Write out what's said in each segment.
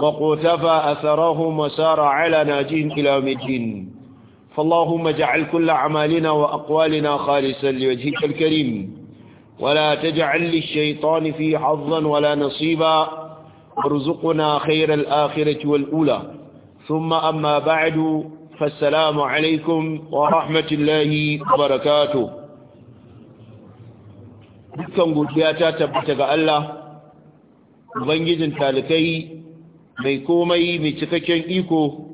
وقتفى أثرهم وسار على ناجين إلى مدين فاللهم اجعل كل أعمالنا وأقوالنا خالصا لوجهك الكريم ولا تجعل للشيطان في حظا ولا نصيبا ارزقنا خير الآخرة والأولى ثم أما بعد فالسلام عليكم ورحمة الله وبركاته dukkan godiya ta tabbata ga Allah ubangijin talikai mai komai mai cikakken iko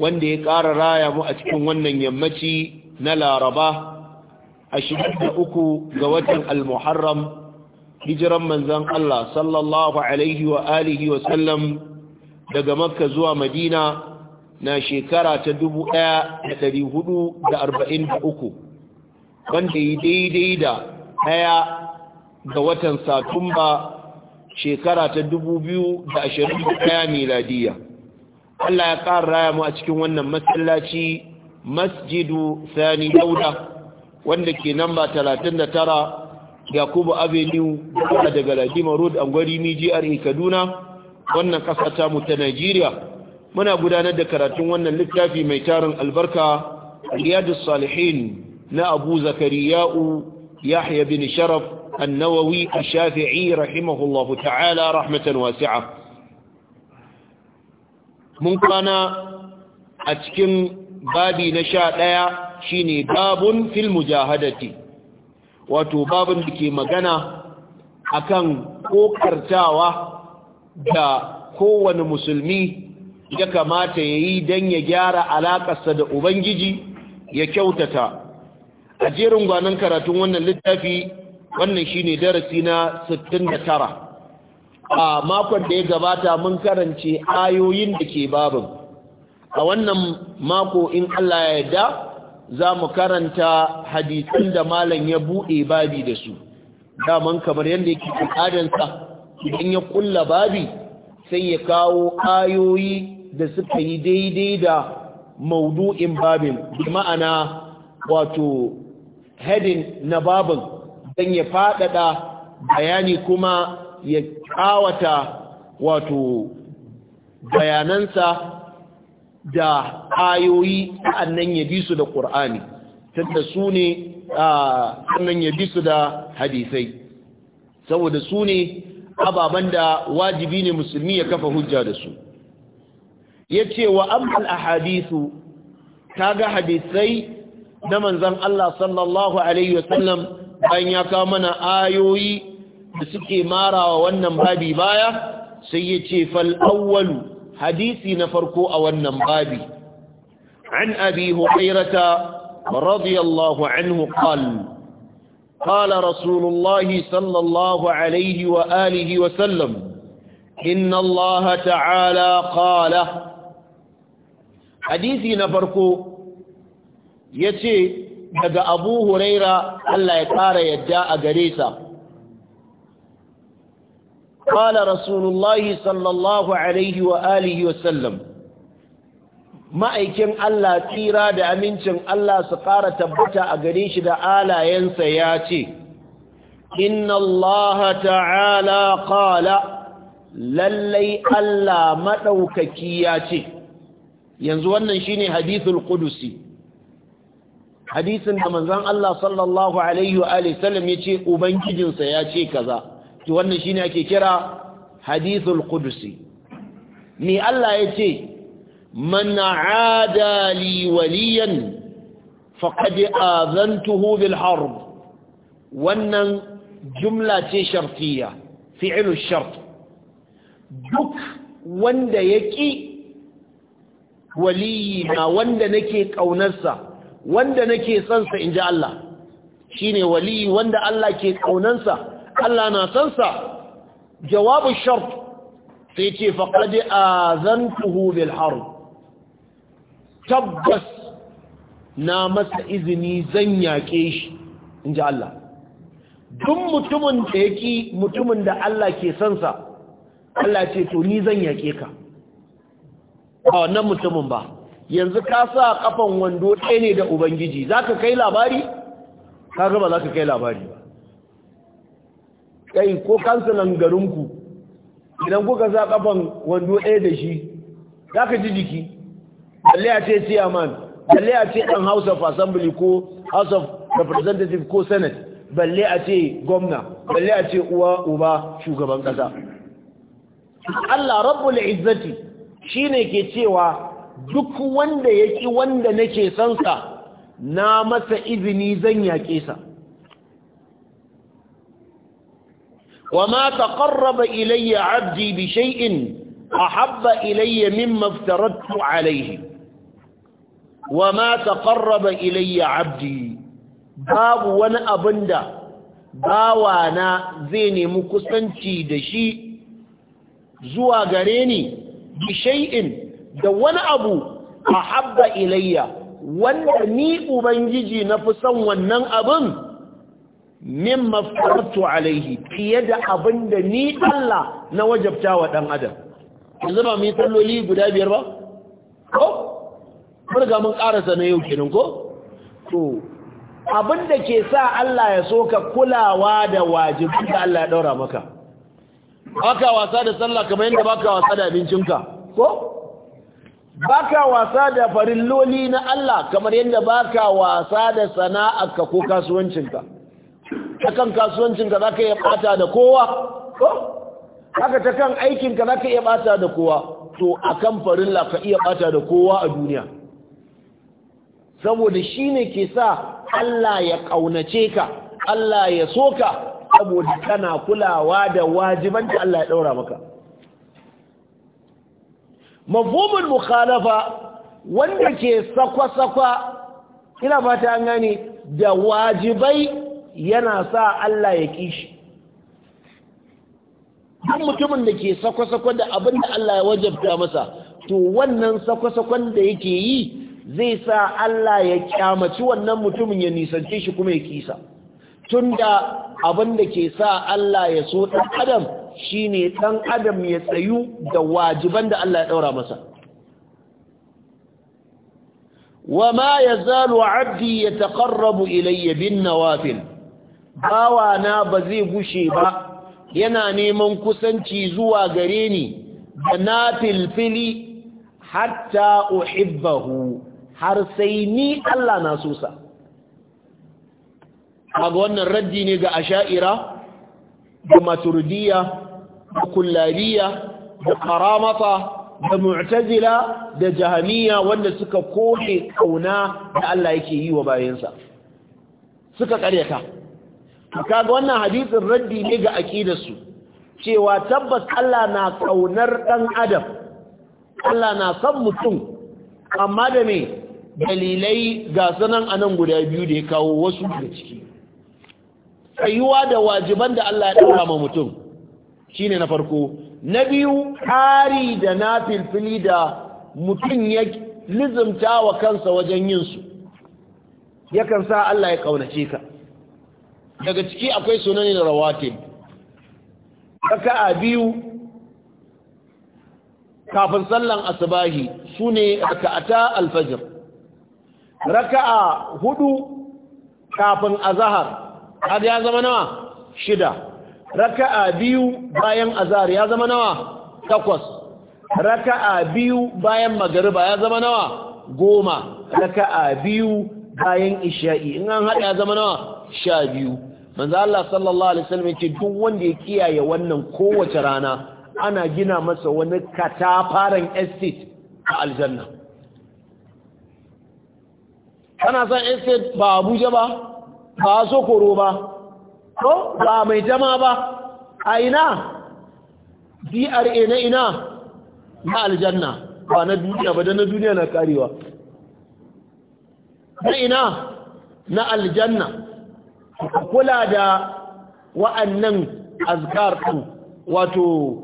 wanda ya ƙara raya mu a cikin wannan yammaci na laraba uku ga watan al-muharram hijiran manzan Allah sallallahu alaihi wa alihi wa sallam daga makka zuwa madina na shekara ta uku, wanda ya daidai da ɗaya ga watan satumba shekara ta ashirin 2021 miladiya Allah ya ƙara raya mu a cikin wannan masallaci masjidu sani dauda wanda ke namba tara yakubu avenue daga ladima road gwari miji kaduna wannan ƙasa ta mu ta nigeria muna gudanar da karatun wannan littafi mai tarin albarka riyadus salihin na abu zakariya'u yahya bin sharaf النووي الشافعي رحمه الله تعالى رحمة واسعة من كان أتكم بابي نشاء ليا شيني باب في المجاهدة وتباب لكي مغنى أكن كوكرتاوة دا كون مسلمي ya kamata ya yi don ya gyara alaƙarsa da Ubangiji ya kyautata a jerin gwanon karatun wannan littafi wannan shi ne darasi na 69 a makon da ya gabata mun karance ayoyin da ke babin a wannan mako in Allah ya yarda za mu karanta hadisun da malam ya buɗe babi da su daman kamar yadda yake al'adansa idan ya kulla babi sai ya kawo ayoyi da suka yi daidai da maudu'in babin bi ma'ana wato heading na babin dan ya faɗaɗa bayani kuma ya ƙawata wato bayanansa da ayoyi annan ya bi da qur'ani tunda su ne annan ya bi da hadisai saboda su ne ababan da wajibi ne musulmi ya kafa hujja da su ya ce wa amal a hadisu ta ga hadisai na manzan Allah sallallahu Alaihi wasallam bayan ya kawo mana ayoyi da suke marawa wannan babi baya sai ya ce fal'awwalu hadisi na farko a wannan babi an abi hurairata radiyallahu anhu qal قال رسول الله صلى الله عليه وآله وسلم إن الله تعالى قال حديثي نفركو يتي daga abu huraira Allah ya ƙara yadda a gare sa ƙala rasulullahi sallallahu alaihi wa alihi wa sallam ma'aikin Allah tsira da amincin Allah su ƙara tabbata a gare shi da alayensa ya ce inna Allah ta'ala ƙala lallai Allah maɗaukaki ya ce yanzu wannan shine hadithul ƙudusi hadisin da manzon Allah sallallahu alaihi wa alihi sallam yace ubangijinsa ya ce kaza to wannan ne ake kira hadithul kudusi ni Allah yace man aada li waliyan faqad azantuhu bil harb wannan jumla ce shartiya fi'lu shart duk wanda yaki waliyina wanda nake ƙaunarsa wanda nake son sa inji Allah shine wali wanda Allah ke kaunansa Allah na son sa jawabu shart sai ce faqad azantuhu bil harb tabbas na masa izini zan yake shi ji Allah duk mutumin da yake mutumin da Allah ke son sa Allah ce to ni zan yake ka a wannan mutumin ba yanzu ka sa kafan wando ɗaya ne da ubangiji za ka kai labari? ka gaba za ka kai labari ba kai ko kansulan garinku idan kuka sa kafan wando ɗaya da shi za ka ji jiki balle a ce chairman balle a ce ɗan house of assembly ko house of representative ko senate balle a ce gwamna balle a ce uwa uba shugaban ƙasa Allah rabbul izzati shine ke cewa duk wanda ya ƙi wanda nake sansa na masa izini zan yaƙe sa wa ma taqarraba ilayya 'abdi bi shay'in ahabba ilayya mimma aftaradtu alayhi wa ma taqarraba ilayya 'abdi babu wani abinda bawana zai nemi kusanci da shi zuwa gare ni bi shay'in da wani abu a habba ilayya wanda ni ubangiji na fi son wannan abin min mafaratu alaihi fiye da abin da ni Allah na wajabta wa ɗan adam yanzu ba mu yi salloli guda biyar ba ko burga mun ƙarasa na yau kenan ko to abin da ke sa Allah ya so ka kulawa da wajibin da Allah ya ɗaura maka baka wasa da sallah kamar yadda baka wasa da abincinka ko baka wasa da farilloli na Allah kamar yadda baka wasa da sana'arka ko kasuwancinka takan kasuwancinka zaka iya bata da kowa ko haka takan aikinka zaka iya bata da kowa to akan farilla ka iya bata da kowa a duniya saboda ne ke sa Allah ya kaunace ka Allah ya soka saboda kana kulawa da wajiban Allah ya daura maka mafhumul mukhalafa wanda ke sakwa-sakwa ina fata an gani, da wajibai yana sa Allah ya kishi duk mutumin da ke sakwa-sakwa da abin da Allah ya wajabta masa to wannan sakwa-sakwan da yake yi zai sa Allah ya kyamaci wannan mutumin ya nisance shi kuma ya kisa tunda abin da ke sa Allah ya so ɗan adam shine ɗan adam ya tsayu da wajiban da Allah ya ɗaura masa wa ma zalu abdi yataqarrabu ilayya bin nawafil bawa na ba zai gushe ba yana neman kusanci zuwa gare ni da filfili hatta uhibbahu har sai ni Allah na susa. sa ga wannan raddi ne ga asha'ira da Maturdiya. da kullariya da karamata da mu'tazila da jahamiya wanda suka kone kauna da Allah yake yi wa bayansa suka karyata kaga wannan hadisin raddi ne ga su cewa tabbas Allah na kaunar dan adam Allah na san mutum amma da me dalilai ga sanan anan guda biyu da ya kawo wasu da ciki tsayuwa da wajiban da Allah ya ɗaura ma mutum shine na farko na biyu hari da na filfili da mutum ya lizumta wa kansa wajen yin su yakan sa Allah ya ƙaunace ka daga ciki akwai sunanin ƙaka raka'a biyu kafin sallan asubahi sune raka'ata alfajir raka'a hudu kafin Azahar. har ya zama nawa shida raka'a biyu bayan azhar ya zama nawa takwas raka'a biyu bayan magariba ya zama nawa goma raka'a biyu bayan isha'i in an haɗa ya zama nawa sha biyu manzo Allah sallallahu alaihi wasallam yace duk wanda ya kiyaye wannan kowace rana ana gina masa wani katafaren estate a aljanna kana san estate ba Abuja ba ba koro ba to ba mai jama ba a ina DRA na ina na aljanna ba na duniya ba da na duniya na karewa na ina na aljanna kula da wa'annan azkar ɗin wato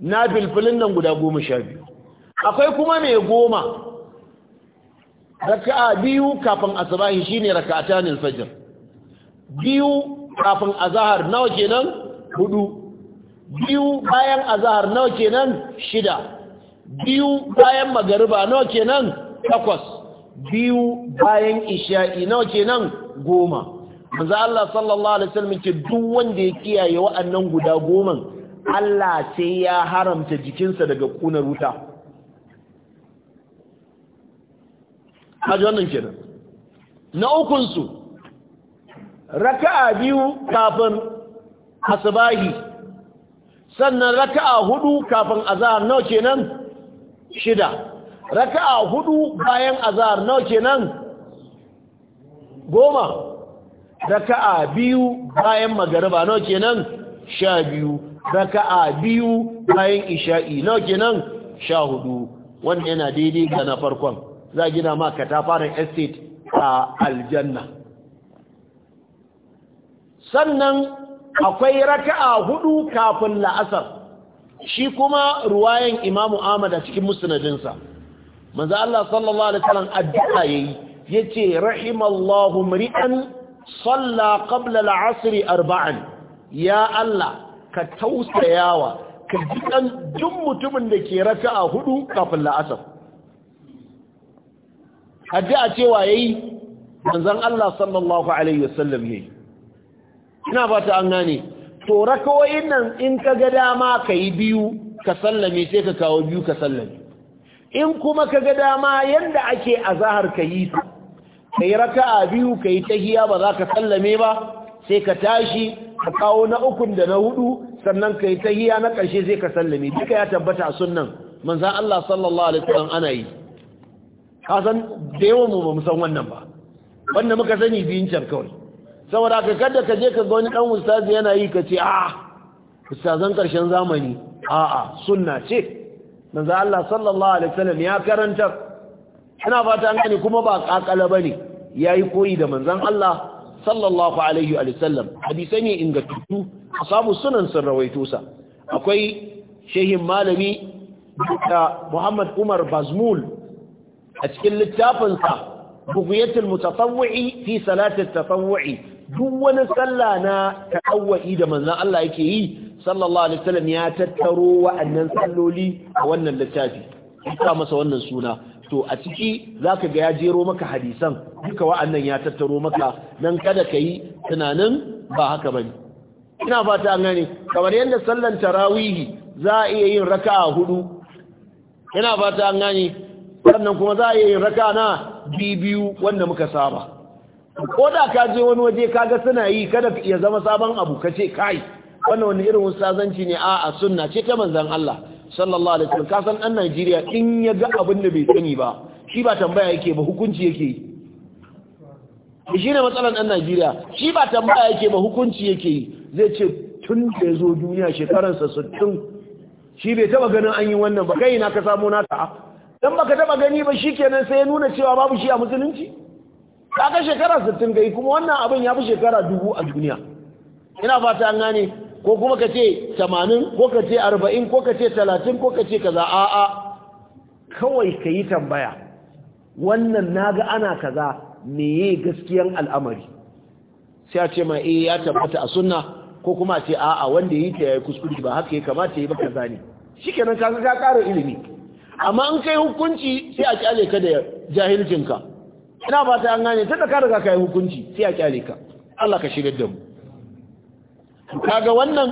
na filfilin nan guda goma sha biyu akwai kuma mai goma raka'a biyu kafin asabahi shine raka'atanin fajr biyu kafin azahar nawa kenan hudu biyu bayan azahar nawa kenan shida biyu bayan magariba nawa kenan takwas biyu bayan isha'i nawa kenan goma manzo Allah sallallahu alaihi wasallam ce duk wanda ya kiyaye wa'annan guda goma Allah sai ya haramta jikinsa daga kunar wuta haji wannan kenan na ukun su raka'a biyu kafin asubahi sannan raka'a hudu kafin azhar nawa kenan shida raka'a hudu bayan azhar nawa kenan goma raka'a biyu bayan magariba nawa kenan sha biyu raka'a biyu bayan isha'i nawa kenan sha hudu wannan yana daidai ga na farkon za gina ma ka ta fara estate a aljanna sannan akwai raka'a hudu kafin la'asar shi kuma ruwayan imamu ahmad a cikin musnadinsa manzo Allah sallallahu alaihi wasallam addu'a yayi yace rahimallahu mri'an salla qabla al arba'an ya Allah ka tausayawa ka jikan duk mutumin da ke raka'a hudu kafin la'asar addu'a cewa yayi manzon Allah sallallahu alaihi wasallam yayi ina ba ta an gane to rakawoyin nan in ka ga dama ka yi biyu ka sallame sai ka kawo biyu ka sallame in kuma ka ga dama yanda ake azahar zahar ka yi ta ka yi raka'a biyu ka yi tahiya ba za ka sallame ba sai ka tashi ka kawo na ukun da na hudu sannan ka yi tahiya na ƙarshe sai ka sallame duka ya tabbata a sunnan manzan Allah sallallahu alaihi wasallam ana yi ka san da yawan mu ba mu san wannan ba Wannan muka sani biyun can kawai saboda ka kada ka je ka ga wani dan ustazi yana yi ka ce a ah, ustazan karshen zamani a'a sunna ce manzo Allah sallallahu alaihi wasallam ya karanta ina fata an gane kuma ba kakala bane yayi koyi da manzon Allah sallallahu alaihi wa sallam hadisai ne ingantattu asabu sunan sun rawaito sa akwai shehin malami da Muhammad Umar Bazmul a cikin littafinsa bugiyatul mutatawwi fi salatit tatawwi duk wani sallah na ta'awwa'i da manzon Allah yake yi sallallahu alaihi wasallam ya tattaro wa'annan salloli a wannan littafi ya masa wannan suna to a ciki zaka ga ya jero maka hadisan duka wa'annan ya tattaro maka nan kada kai tunanin ba haka bane ina fata an gane kamar yadda sallan tarawihi za a iya yin raka'a hudu ina fata an gane sannan kuma za a iya yin raka'a na biyu wanda muka saba ko da ka je wani waje kaga suna yi kada ya zama sabon abu ka ce kai wannan wani irin ustazanci ne a'a sunna ce ta manzon Allah sallallahu alaihi wasallam kasan dan Najeriya in ya ga abin da bai sani ba shi ba tambaya yake ba hukunci yake yi shi ne matsalan dan Najeriya shi ba tambaya yake ba hukunci yake yi zai ce tun da ya zo duniya sa 60 shi bai taba ganin an yi wannan ba kai na ka samu nata dan baka taba gani ba shikenan sai ya nuna cewa babu shi a musulunci kaga shekara 60 kai kuma wannan abin ya fi shekara dubu a duniya ina fata an gane ko kuma ka ce 80 ko ka ce 40 ko ka ce 30 ko ka ce kaza a'a kawai ka yi tambaya wannan naga ana kaza meye gaskiyan al'amari sai a ce ma eh ya tabbata a sunna ko kuma ce a'a wanda yi ta yi kuskure ba haka ya kamata ya yi ba kaza ne ka ga ka ƙara ilimi amma an kai hukunci sai a kyale ka da jahilcinka ina ba ta an gane tunda ka daga kai hukunci sai a kyale ka Allah ka shigar da mu kaga wannan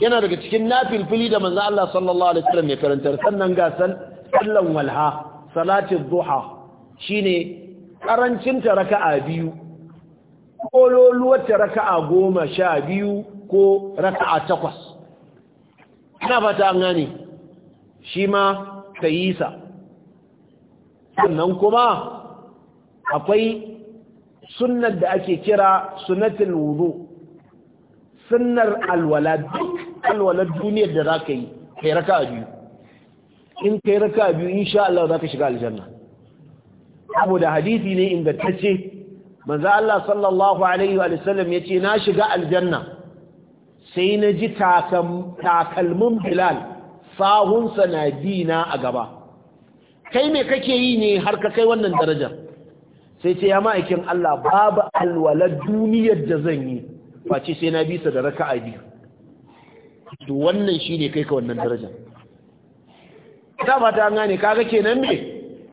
yana daga cikin nafilfili da manzo Allah sallallahu alaihi wasallam ya karantar sannan ga sallan walha salatul zuha, shine karancin ta raka'a biyu kololuwar ta raka'a goma sha biyu ko raka'a takwas ina ba ta an gane shi ma ka sa sannan kuma akwai sunnar da ake kira sunatin wudu sunnar alwala duk alwala duniyar da zaka yi kai raka biyu in kai raka biyu insha Allah zaka shiga aljanna da hadisi ne ingantacce manzo Allah sallallahu alaihi wa sallam yace na shiga aljanna sai na ji takalmin Bilal sahunsa na dina a gaba kai me kake yi ne har ka kai wannan darajar sai ce ya ma'aikin Allah babu alwala duniyar da zan yi face sai na bisa da raka'a biyu to wannan shine kai ka wannan daraja ta ba ta gane kaga kenan me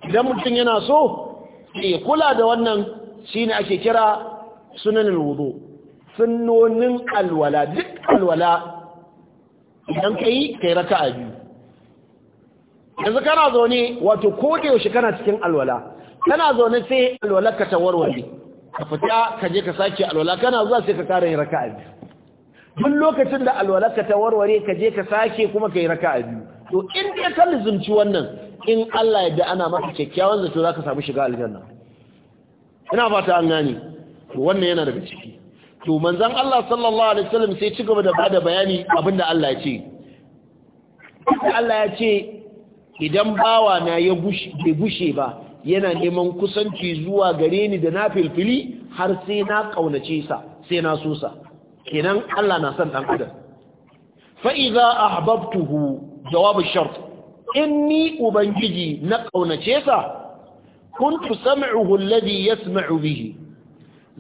idan mutum yana so sai kula da wannan shine ake kira sunanul wudu sunnonin alwala duk alwala idan kai kai raka'a biyu yanzu kana zaune wato ko da kana cikin alwala kana zaune sai alwalaka ta warware ka fita ka je ka sake alwala kana zuwa sai ka kara raka'a biyu duk lokacin da ka ta warware ka je ka sake kuma ka raka'a biyu to in dai ka lizumci wannan in Allah ya da ana maka kyakkyawan zato zaka samu shiga aljanna ina fata an gane wannan yana daga ciki to manzon Allah sallallahu alaihi wasallam sai ci gaba da bada bayani abinda Allah ya ce Allah ya ce idan bawa na ya bushe ba yana neman kusanci zuwa gare ni da na filfili har sai na ƙaunace sa sai na so sa kenan Allah na son ɗan adam fa idza ahbabtuhu jawab ash-shart inni ubangiji na ƙaunace sa kuntu sam'uhu alladhi yasma'u bihi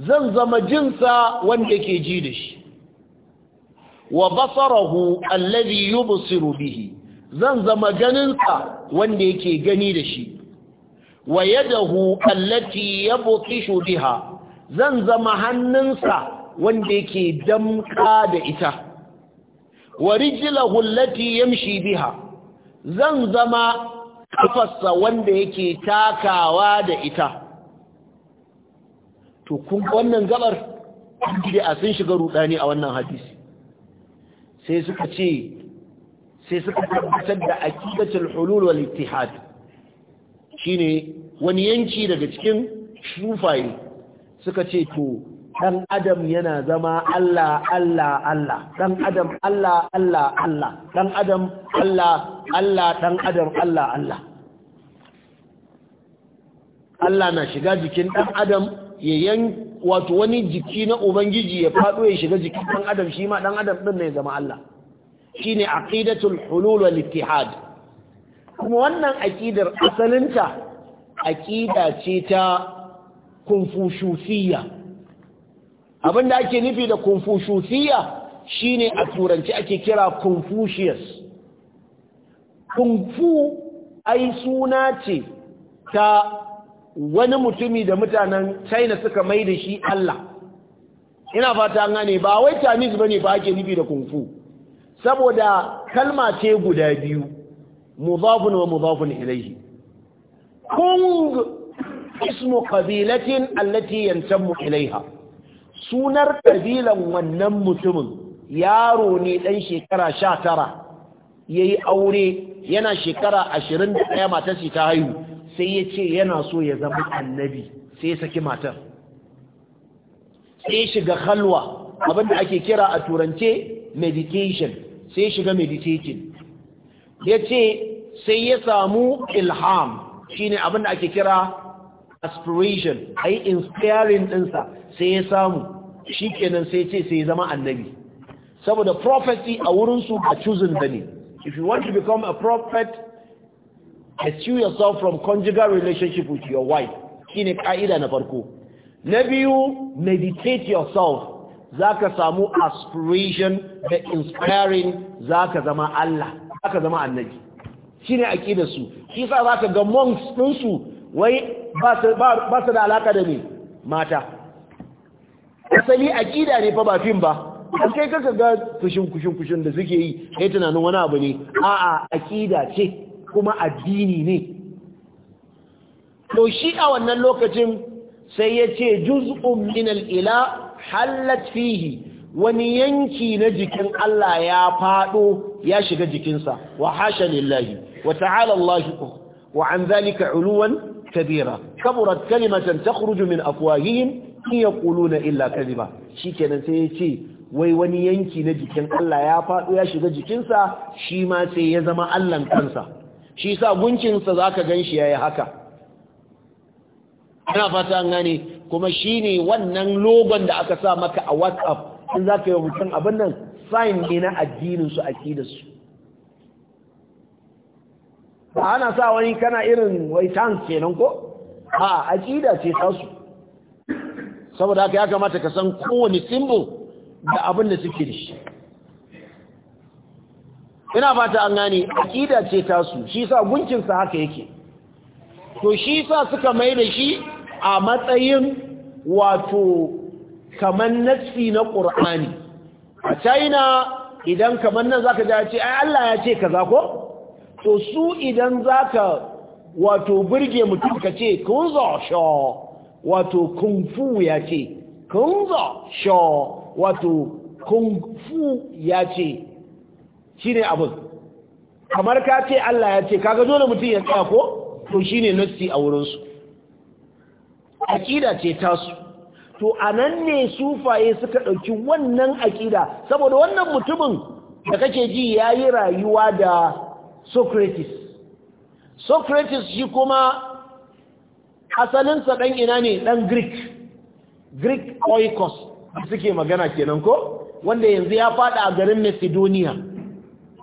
zan zama jinsa wanda ke ji da shi wa basarahu alladhi yubsiru bihi zan zama ganinsa wanda yake gani da shi wa yadahu allati yabtishu biha zan zama hannunsa wanda yake damka da ita wa rijlahu allati yamshi biha zan zama kafarsa wanda yake takawa da ita to kun wannan gabar da sun shiga rudani a wannan hadisi sai suka ce sai suka tabbatar da aqidatul hulul wal ittihad shine wani yanki daga cikin shufaye suka ce to dan adam yana zama Allah Allah Allah dan adam Allah Allah Allah dan adam Allah Allah dan adam Allah Allah Allah na shiga jikin dan adam ya yan wato wani jiki na ubangiji ya faɗo ya shiga jikin ɗan adam shi ma ɗan adam ɗin ne zama Allah shi ne aqidatul hulul wal ittihad kuma wannan aƙidar asalinta aƙida ce ta kunfushufiya da ake nufi da kunfushufiya shine a turanci ake kira confucius kunfu ai suna ce ta wani mutumi da mutanen china suka mai da shi allah ina fata an gane ba wai chinese bane ba ake nufi da kunfu saboda kalma ce guda biyu مضاف ومضاف إليه كونغ اسم قبيلة التي ينتم إليها سونر قبيلا ونم تمن ياروني لن شكرا شاترا yayi aure yana shekara ashirin da ɗaya matar ta haihu sai ya ce yana so ya zama annabi sai ya saki matar sai shiga halwa abinda ake kira a turance meditation sai shiga meditating ya ce sai ya samu ilham shine abin da ake kira aspiration a yi inspiring ɗinsa sai ya samu shi kenan sai ce sai zama annabi saboda prophecy a wurinsu a chosen da ne if you want to become a prophet eschew yourself from conjugal relationship with your wife shine ka'ida na farko na biyu meditate yourself za ka samu aspiration da inspiring za ka zama Allah aka zama annabi a aqidar su shi sa zaka ga monks ɗinsu wai ba su da alaka da ne mata asali aqida ne fa ba fim ba A kai kaka ga kushin kushin kushin da suke yi ya tunanin wani abu ne a'a aqida ce kuma addini ne to shi a wannan lokacin sai ya ce juz'un min ila halat fihi wani yanki na jikin Allah ya faɗo ya shiga jikinsa wa hasha lillahi wa ta'ala Allah wa an zalika uluwan kabira kaburat kalimatan takhruju min afwahihim in yaquluna illa kadhiba shikenan sai ya ce wai wani yanki na jikin Allah ya fado ya shiga jikinsa shi ma sai ya zama Allahn kansa shi sa guncinsa zaka ganshi yayi haka ina fata an gane kuma shine wannan logon da aka sa maka a WhatsApp in za ka yi mutum abin nan sign ne na addinin su kidansu ba ana sa wani kana irin wai tank kenan ko a aƙida ce tasu. saboda haka ya kamata ka san kowane simbol da abin da suke da shi ina fata an a aƙida ce tasu. shi sa gunkinsa haka yake to shi sa suka mai da shi a matsayin wato kamar nasfi na ƙur'ani a china idan kamar nan zaka ja ce ai Allah ya ce kaza ko to su idan zaka wato burge mutum ka ce kunzo sho wato kung fu ya ce kunzo sho wato kung fu ya ce shine abin kamar ka ce Allah ya ce kaga dole mutum ya ko to shine nasfi a wurinsu aƙida ce tasu to anan ne sufaye suka ɗauki wannan aƙida saboda wannan mutumin da kake ji ya yi rayuwa da socrates socrates shi kuma asalinsa ɗan ina ne ɗan greek greek oikos suke magana kenan ko wanda yanzu ya fada a garin macedonia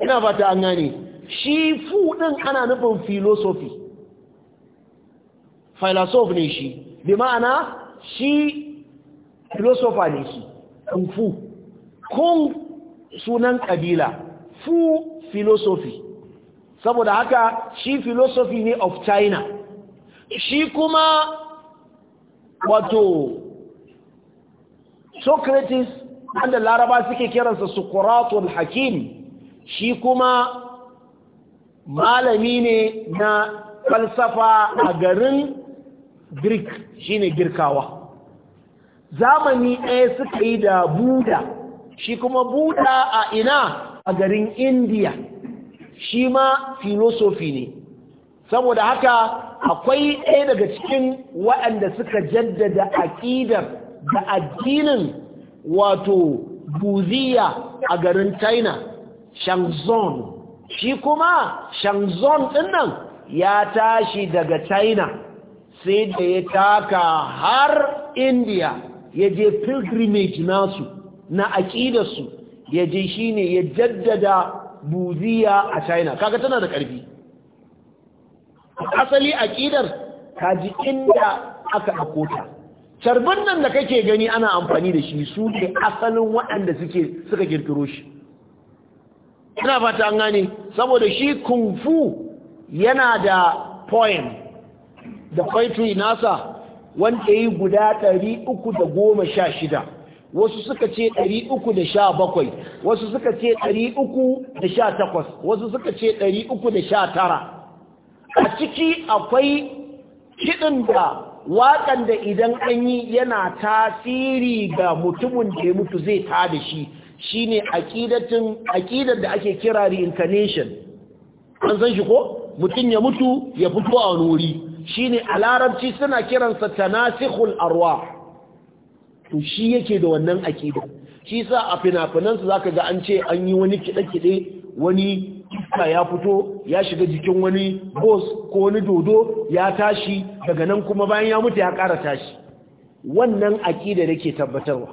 ina fata an gane shi fu ɗin ana nufin philosophy philosophy ne shi bi ma'ana shi Filosofa ne shi fu kung sunan kabila fu filosofi saboda haka shi filosofi ne of china shi kuma wato socrates wanda laraba suke kiransa sukuratul hakim shi kuma malami ne na falsafa a garin greek shine girkawa zamani ɗaya suka yi da buda shi kuma buda a ina a garin indiya shi ma filosofi ne saboda haka akwai ɗaya daga cikin waɗanda suka jaddada aƙidar da addinin wato buziya a garin china shangzon shi kuma shangzon ɗinnan ya tashi daga china sai da ya taka har indiya ya je pilgrimage nasu na aƙidarsu ya je shi ne ya jaddada buziya a china kaga tana da ƙarfi asali aƙidar ta ji inda aka akota carbin nan da kake gani ana amfani da shi su ne asalin waɗanda suka kirkiro shi ina fata an gane saboda shi kung fu yana da poem da poetry nasa wanda yi guda ɗari uku da goma sha shida wasu suka ce ɗari uku da sha bakwai wasu suka ce ɗari uku da sha takwas wasu suka ce ɗari uku da sha tara a ciki akwai kiɗin da waƙan da idan an yi yana tasiri ga mutumin da ya mutu zai ta da shi shine aƙidar da ake kira reincarnation an san shi ko mutum ya mutu ya fito a wani wuri shine a larabci suna kiransa tanasikhul arwah to shi yake da wannan aƙida? shi sa a fina-finan su zaka ga an ce an yi wani kiɗe-kiɗe wani iska ya fito ya shiga jikin wani boss ko wani dodo ya tashi daga nan kuma bayan ya mutu ya ƙara tashi wannan aqida yake tabbatarwa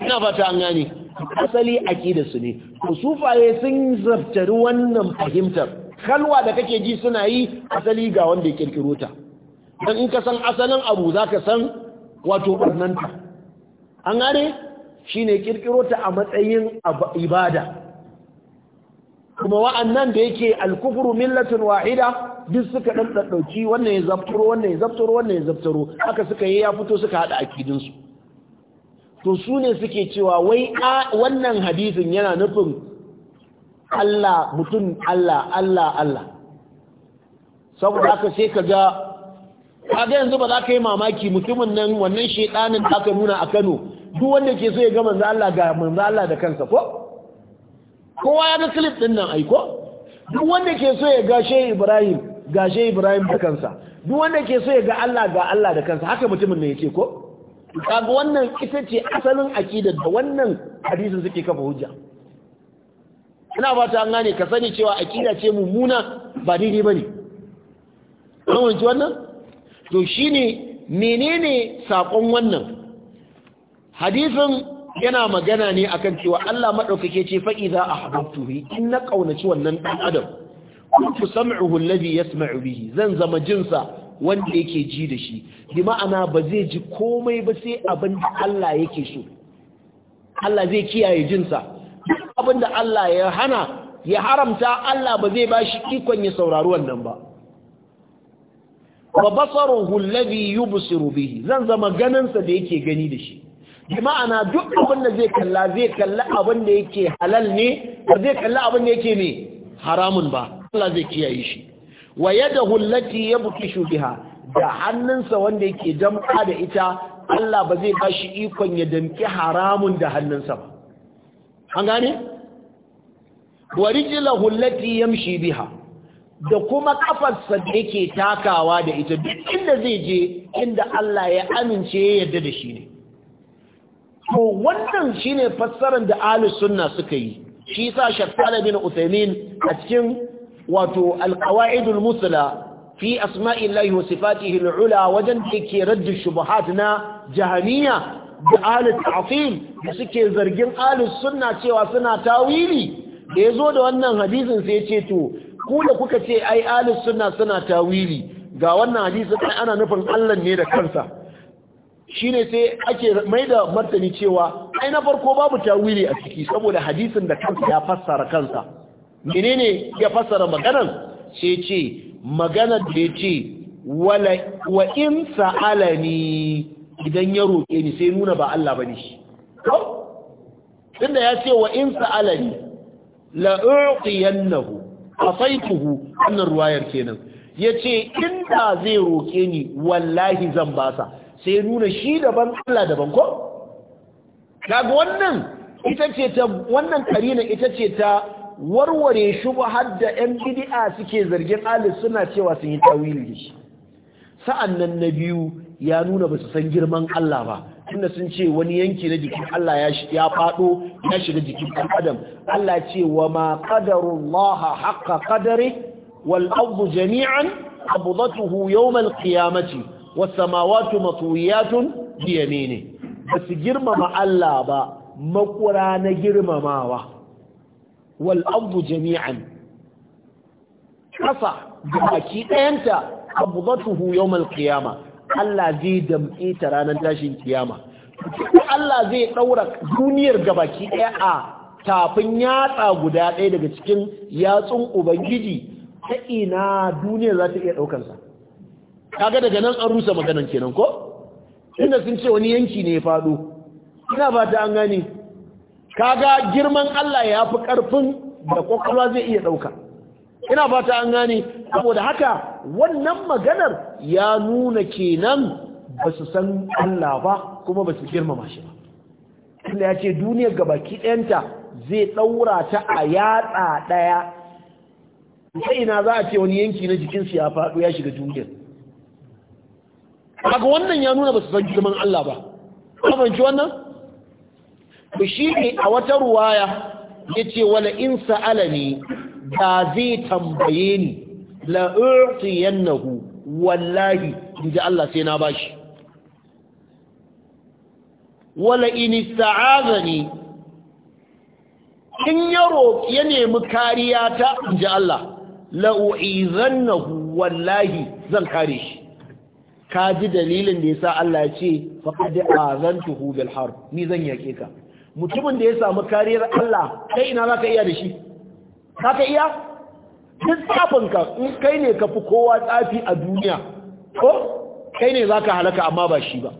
ina fata an gane asali aqida su ne to sufaye sun zartari wannan fahimtar kalwa da kake ji suna yi asali ga wanda ya kirkiro ta dan in ka san asalin abu zaka san wato barnanta an gane shine kirkiro ta a matsayin ibada kuma wa'annan da yake al-kufru millatun wahida duk suka ɗan ɗauki wannan ya zaftaro wannan ya zaftaro wannan ya zaftaro haka suka yi ya fito suka haɗa akidinsu to su ne suke cewa wai wannan hadisin yana nufin Allah mutum Allah Allah Allah saboda haka sai ka ga kaga yanzu ba za ka yi mamaki mutumin nan wannan shedanin da aka nuna a Kano duk wanda ke so ya ga manzo Allah ga manzo Allah da kansa ko kowa ya ga clip din nan ai ko duk wanda ke so ya ga Shehu Ibrahim ga Shehu Ibrahim da kansa duk wanda ke so ya ga Allah ga Allah da kansa haka mutumin ne yake ko kaga wannan ita ce asalin akidar da wannan hadisin suke kafa hujja ina ba ta gane ka sani cewa akida ce mummuna ba daidai ba ne rawanci wannan to shi ne menene saƙon wannan hadisin yana magana ne akan cewa Allah maɗaukake ce fa'i za a haɓattuhi in na ƙaunaci wannan ɗan adam kuntu sam'uhu alladhi yasma'u bihi zan zama jinsa wanda yake ji da shi bi ma'ana ba zai ji komai ba sai abin da Allah yake so Allah zai kiyaye jinsa abin da Allah ya hana ya haramta Allah ba zai ba shi ikon ya saurari wannan ba wa basaruhu alladhi yubsiru bihi zan zama ganin sa da yake gani da shi bi ma'ana duk abin da zai kalla zai kalla abin da yake halal ne ba zai kalla abin da yake ne haramun ba Allah zai kiyaye shi wa yadahu allati yabtishu biha da hannunsa wanda yake damka da ita Allah ba zai ba shi ikon ya damƙi haramun da hannunsa ba an gane wa rijlahu yamshi biha da kuma kafarsa da yake takawa da ita duk inda zai je inda Allah ya amince ya yarda da shi ne to wannan shine fassarar da ahli sunna suka yi shi sa shakkala bin uthaymin a cikin wato alqawaidul musla fi asma'illahi wa sifatihi al'ula wajen da yake raddu shubuhat na jahaniya da alis afil da suke zargin alis suna cewa suna tawili da ya zo da wannan hadisin sai ce to ku da kuka ce ai alis sunna suna tawili ga wannan hadisin ana nufin allah ne da kansa Shi ne sai ake mai da martani cewa ai na farko babu tawili a ciki saboda hadisin da kansa ya fassara kansa menene ya fassara maganar sai ce maganar da ya ce wa in sa'alani idan ya roƙe ni sai nuna ba Allah bane shi tunda ya ce wa in sa'alani la uqiyannahu asaituhu wannan ruwayar kenan yace inda zai roƙe ni wallahi zan basa sai nuna shi daban Allah daban ko kaga wannan ita ce ta wannan karina ita ce ta warware shubhar da ɗan bid'a suke zargin ahli suna cewa sun yi tawili da shi sa'annan na biyu ya nuna ba su san girman Allah ba tunda sun ce wani yanki na jikin Allah ya faɗo ya shiga jikin ɗan adam Allah ce wa ma qadarullah haqqa qadari wal ardu jami'an qabdatuhu yawm al qiyamati was samawati matwiyatun bi yamini ba girmama Allah ba makura na girmamawa wal ardu jami'an kasa baki ɗayanta qabdatuhu yawm al qiyamah Allah zai damƙe ta ranar tashin kiyama Allah zai ɗaura duniyar gabaki ɗaya a tafin yatsa guda ɗaya daga cikin yatsun ubangiji ta ina duniyar za ta iya ɗaukansa kaga daga nan an rusa maganan kenan ko inda sun ce wani yanki ne ya faɗo ina ba ta an gane kaga girman Allah ya fi ƙarfin da kwakwalwa zai iya ɗauka ina fata an gani saboda haka wannan maganar ya nuna kenan ba su san Allah ba kuma ba su girmama shi ba Allah ya ce duniyar gabaki ɗanta zai ɗaura ta a yatsa ɗaya sai ina za a ce wani yanki na jikinsu ya faɗo ya shiga duniyar kaga wannan ya nuna ba su san girman Allah ba kamanci wannan to shi ne a wata ruwaya ya ce wala in sa'ala ne da zai tambaye ni hu wallahi inji Allah sai na bashi wala in ista'azani in ya roƙi ya nemi kariya ta inji Allah hu wallahi zan kare shi ka ji dalilin da ya sa Allah ya ce faqad zan tuhu bilhar ni zan yake ka mutumin da ya samu kariyar Allah kai ina za ka iya da shi za ka iya duk tsafinka in kai ne ka fi kowa tsafi a duniya ko kai ne za ka halaka amma ba shi ba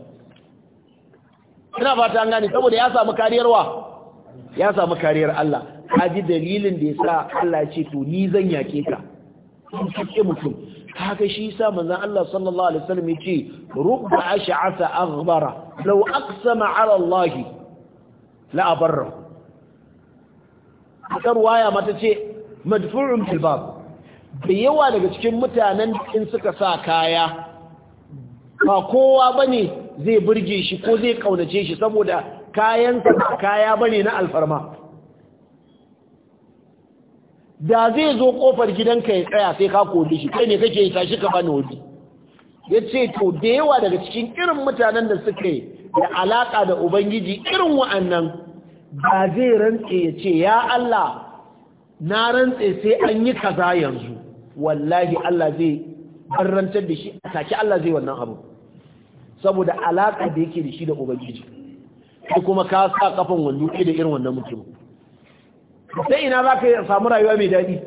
ina fata an gani saboda ya samu kariyar wa ya samu kariyar Allah ka ji dalilin da ya sa Allah ce to ni zan yake ka in kake mutum kaga shi sa manzon Allah sallallahu alaihi wasallam yace rubba ash'asa aghbara law aqsama ala Allah la abarra akar waya mata ce madfu'un fil bab da yawa daga cikin mutanen in suka sa kaya ba kowa bane zai burge shi ko zai kaunace shi saboda kayan sa kaya bane na alfarma da zai zo kofar gidanka ya tsaya sai ka kodi shi kai ne kake yi tashi ka bani wuri ya ce to da yawa daga cikin irin mutanen da suka yi da alaƙa da ubangiji irin wa'annan ba zai rantse ya ce ya Allah na rantse sai an yi kaza yanzu wallahi Allah zai barrantar da shi a take Allah zai wannan abu saboda alaka da yake da shi da ubangiji ko kuma ka sa kafan wando da irin wannan mutum sai ina za ka samu rayuwa mai daɗi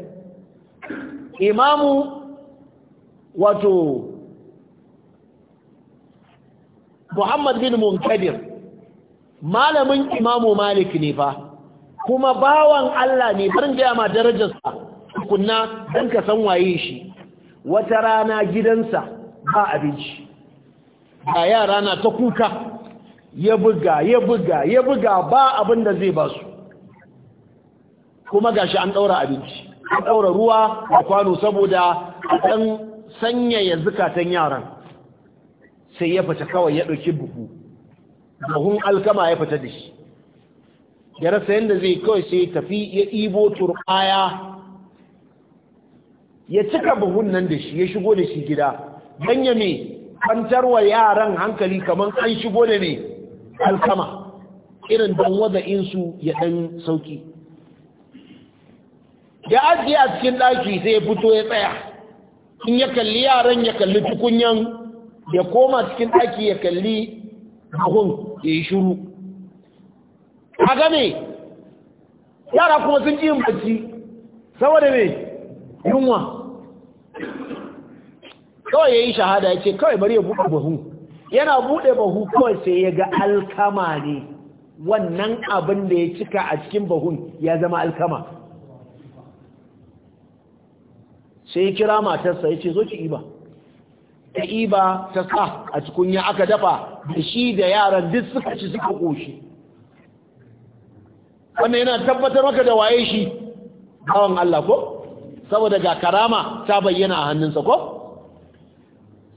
imamu wato muhammad bin munkadir malamin imamu malik ne fa kuma bawan Allah ne barin gaya ma darajarsa kunna dan ka san waye shi wata rana gidansa ba abinci ba yara na ta kuka ya buga ya buga ya buga ba abin da zai ba su kuma gashi an daura abinci an daura ruwa a kwano saboda dan ya zukatan yaran sai ya fita kawai ya dauki buhu buhun alkama ya fita da shi ya rasa yadda zai kawai sai tafi ya ibo turbaya ya cika buhun nan da shi ya shigo da shi gida don mai kwantarwa yaran hankali kamar an shigo da mai alkama irin don insu ya ɗan sauki ya ajiye a cikin ɗaki sai ya fito ya tsaya in ya kalli yaran ya kalli tukunyan ya koma cikin ɗaki ya kalli buhun ya yi shuru a game yara kuma sun ji yin bacci saboda mai yunwa kawai ya yi shahada ya ce kawai bari ya buɗe bahu yana buɗe bahu kawai sai ya ga alkama ne wannan abin da ya cika a cikin bahun ya zama alkama sai ya kira matarsa ya ce zo ki iba ta iba ta sa a cikin ya aka dafa da shi da yaran duk suka ci suka ƙoshi wannan yana tabbatar maka da waye shi gawan Allah ko saboda ga karama ta bayyana a hannunsa ko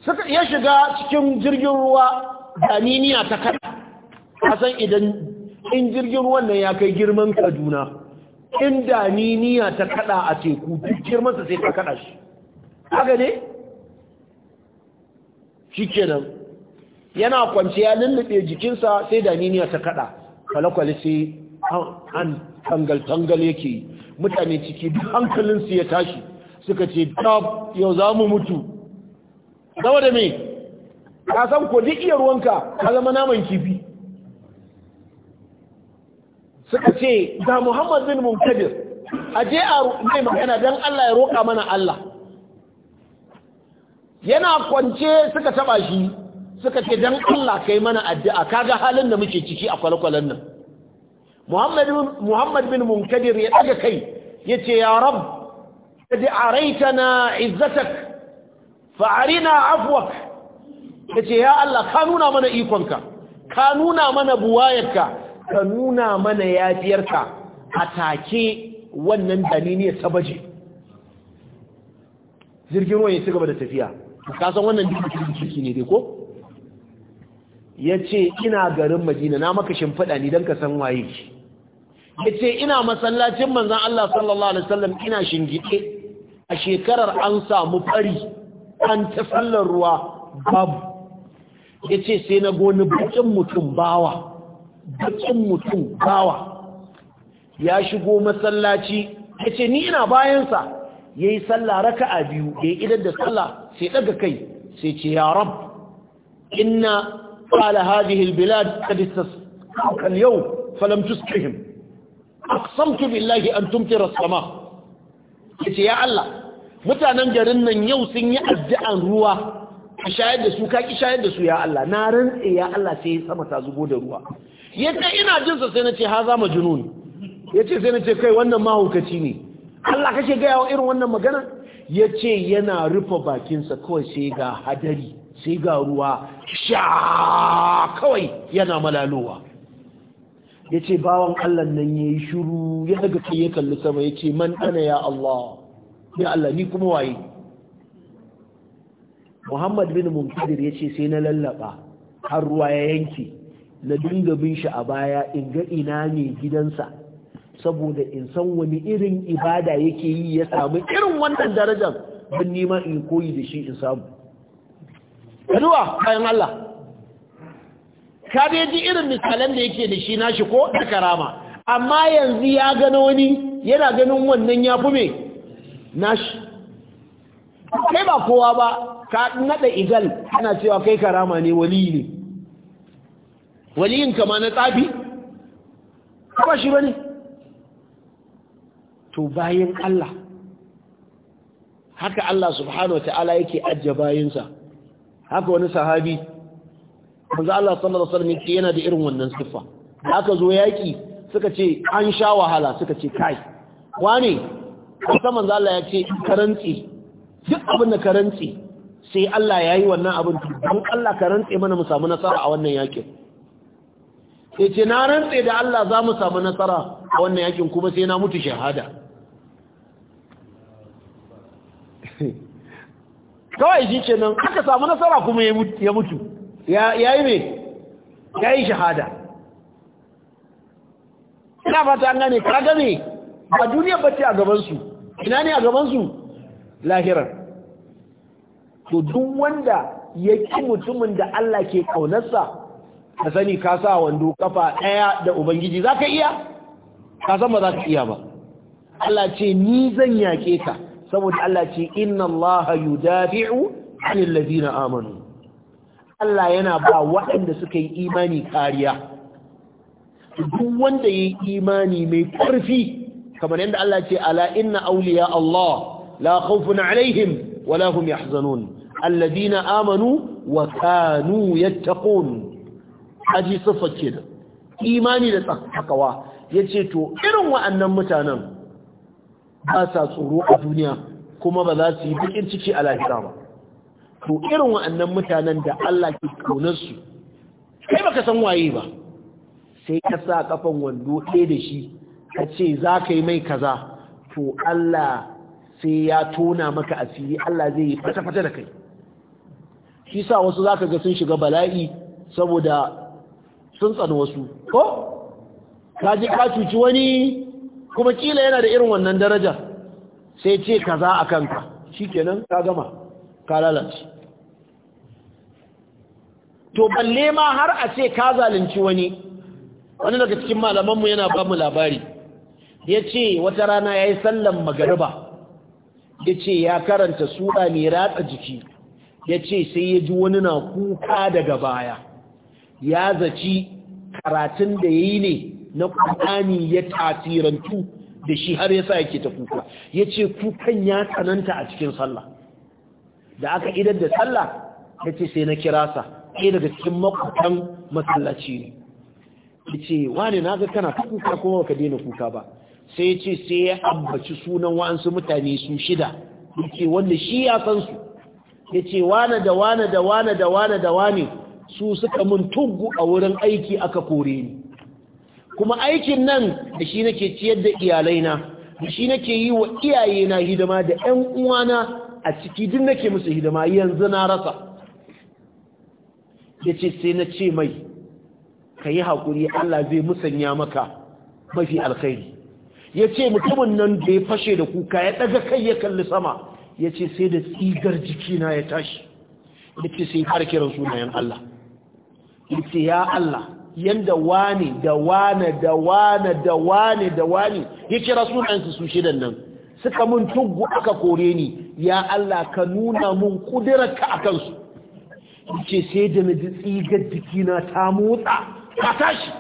suka ya shiga cikin jirgin ruwa daniniya ta kada kasan idan in jirgin ruwan nan ya kai girman Kaduna in daniniya ta kada a teku duk girman sa sai ta kada shi haka ne shikenan yana kwanciya lullube jikinsa sai daniniya ta kada kwale-kwale sai an tangal-tangal yake mutane ciki duk hankalinsu ya tashi suka ce dab yau za mu mutu zama da mai, ka san ko duk iya ruwanka ka zama naman kifi suka ce ga muhammad bin munkadir a je a mai magana don allah ya roƙa mana allah yana kwance suka taba shi suka ce don allah kai mana addu'a kaga halin da muke ciki a kwalkwalan nan muhammad bin munkadir ya ɗaga kai ya ce ya rab kadi araitana izzatak na afwak ya ce ya Allah ka nuna mana ikonka ka nuna mana buwayarka ka nuna mana yafiyarka a take wannan dalili ya sabaje jirgin ruwan ya ci gaba da tafiya ka san wannan jirgin ciki ne dai ko ya ce ina garin madina na maka shimfiɗa ni don ka san waye shi ya ce ina masallacin manzan Allah sallallahu Alaihi wasallam ina shingiɗe a shekarar an samu fari an ta sallar ruwa babu ya ce sai na goni bakin mutum bawa bakin mutum bawa ya shigo masallaci ya ce ni ina bayansa ya yi sallah raka a biyu ya yi idan da sallah sai ɗaga kai sai ce ya rab inna قال هذه البلاد قد استسقاك اليوم فلم تسقهم أقسمت بالله أن تمطر السماء yace ya Allah mutanen garin nan yau sun yi addu'an ruwa ka shayar da su ka ki shayar da su ya Allah na rantse ya Allah sai sama ta zubo da ruwa Ya ce ina jin sa sai na nace haza ya ce sai na ce kai wannan mahaukaci ne Allah kake ga yawo irin wannan magana Ya ce yana rufe bakin sa kawai sai ga hadari sai ga ruwa sha kawai yana malalowa ya ce bawan Allah nan ya yi shuru ya daga kai ya kalli sama ya ce man ana ya Allah ya Allah ni kuma waye Muhammad bin Munkadir ya ce sai na lallaba har ruwa ya yanke na dinga bin shi a baya in ga ina ne gidansa saboda in san wani irin ibada yake yi ya samu irin wannan darajar don nima in koyi da shi in samu ruwa bayan Allah ka yaji irin misalan da yake da shi nashi ko da karama amma yanzu ya gano wani yana ganin wannan ya fi mai nashi kai ba kowa ba ka nada igal ana cewa kai karama ne wali ne waliyin kama na tsafi ba shi wani? to bayan Allah haka Allah subhanahu wa ta'ala yake ajiye bayansa. haka wani sahabi manzo Allah sallallahu alaihi wasallam yana da irin wannan siffa aka zo yaki suka ce an sha wahala suka ce kai wani kuma manzo Allah ya ce karanci duk abin da karanci sai Allah ya yi wannan abin don Allah karanci mana mu samu nasara a wannan yakin sai ce na rantse da Allah za mu samu nasara a wannan yakin kuma sai na mutu shahada kawai shi ce nan aka samu nasara kuma ya mutu ya yi ne ya yi shahada ina fata an gane ka gane ba duniya bace a gabansu ina ne a gabansu lahirar to duk wanda ya ki mutumin da Allah ke kaunarsa ka sani ka sa wando kafa ɗaya da ubangiji za ka iya ka san ba za ka iya ba Allah ce ni zan yake ka saboda Allah ce inna Allah yudafi'u 'anil ladina amanu Allah yana ba waɗanda suka yi imani kariya duk wanda yayi imani mai ƙarfi kamar yadda Allah ce ala inna awliya Allah la khawfun alaihim wa hum yahzanun alladina amanu wa kanu yattaqun aji sifar kenan imani da tsakawa yace to irin wa'annan mutanen ba sa tsoro a duniya kuma ba za su yi bikin ciki a lahira ba to irin wa'annan mutanen da Allah ke kaunarsu kai baka san waye ba sai ka sa kafan wando ɗaya da shi ka ce za ka yi mai kaza to Allah sai ya tona maka asiri Allah zai yi fata-fata da kai shi sa wasu za ka ga sun shiga bala'i saboda sun tsani wasu ko ka ji ka cuci wani kuma kila yana da irin wannan daraja sai ce kaza a kanka nan ka gama ka lalace to balle ma har a ce ka zalunci wani wani daga cikin malamanmu yana ba mu labari ya ce wata rana ya yi sallan magariba ya ce ya karanta sura mai ratsa jiki ya ce sai ya ji wani na kuka daga baya ya zaci karatun da ya yi ne na Qur'ani ya tasirantu da shi har yasa yake ta kuka Ya ce kukan ya tsananta a cikin sallah da aka idar da sallah ya ce sai na kira sa ɗaya daga cikin makwatan masallaci ne Ya ce wane na ga kana ta kuka kuma baka daina kuka ba sai ya ce sai ya ambaci sunan wa'ansu mutane su shida ce wanda shi ya san su Ya ce wane da wane da wane da wane da wane su suka mun tuggu a wurin aiki aka kore ni kuma aikin nan da shi nake ciyar da iyalaina da shi nake yi wa iyayena hidima da 'yan uwana a ciki duk nake musu hidima yanzu na rasa ya ce sai na ce mai ka yi haƙuri Allah zai musanya maka mafi alkhairi ya ce mutumin nan da ya fashe da kuka ya ɗaga kai ya kalli sama ya ce sai da tsigar jikina ya tashi ya ce sai har kiran sunayen Allah ya ce ya Allah yanda wane da wani da wani da wani da wani ya kira sunansu su shidan nan suka mun tuggu aka kore ni ya Allah ka nuna mun kudirarka a kansu yace sai da na ji tsigar jikina ta motsa ka tashi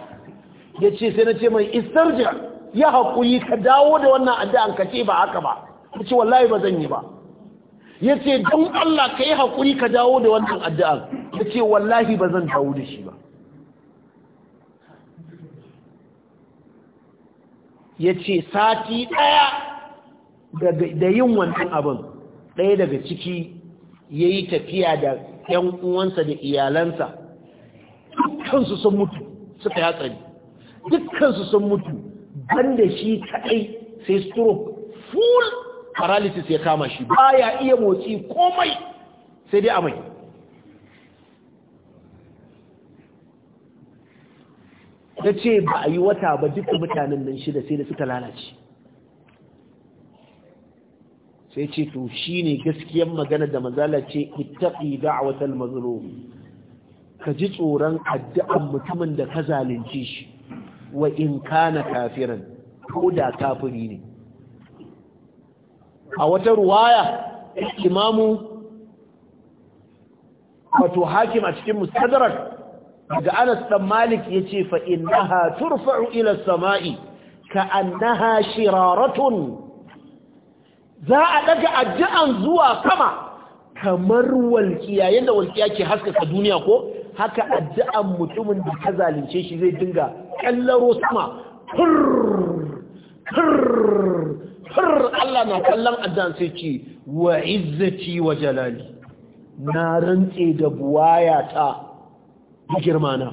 yace sai na ce mai istarja ya haƙuri ka dawo da wannan addu'an ka ce ba haka ba yace wallahi ba zan yi ba yace don Allah ka yi haƙuri ka dawo da wannan addu'an yace wallahi ba zan dawo da shi ba ya ce sati ɗaya da yin wancan abin ɗaya daga ciki ya yi tafiya da ‘yan uwansa da iyalansa dukkansu sun mutu suka ya tsari dukkansu sun mutu banda shi kaɗai sai stroke full paralysis ya kama shi Ba ya iya motsi komai sai dai amai ta ce ba a yi wata ba duka mutanen nan shida sai da suka lalace sai ce to shi ne gaskiyar magana da mazala ce a wata mazlum ka ji tsoron addu'an mutumin da ka zalunci shi wa in kana kafiran ko da kafiri ne a wata ruwaya imamu wato hakim a cikin mustadrak daga Anas dan Malik yace fa innaha turfa'u ila as-sama'i ka'annaha shiraratun za a daga addu'an zuwa sama kamar walƙiya. yanda walkiya ke haskaka duniya ko haka addu'an mutumin da ka zalunce shi zai dinga kallaro sama har Allah na kallon addu'an sai ce wa izzati wa jalali na rantse da buwayata da girmana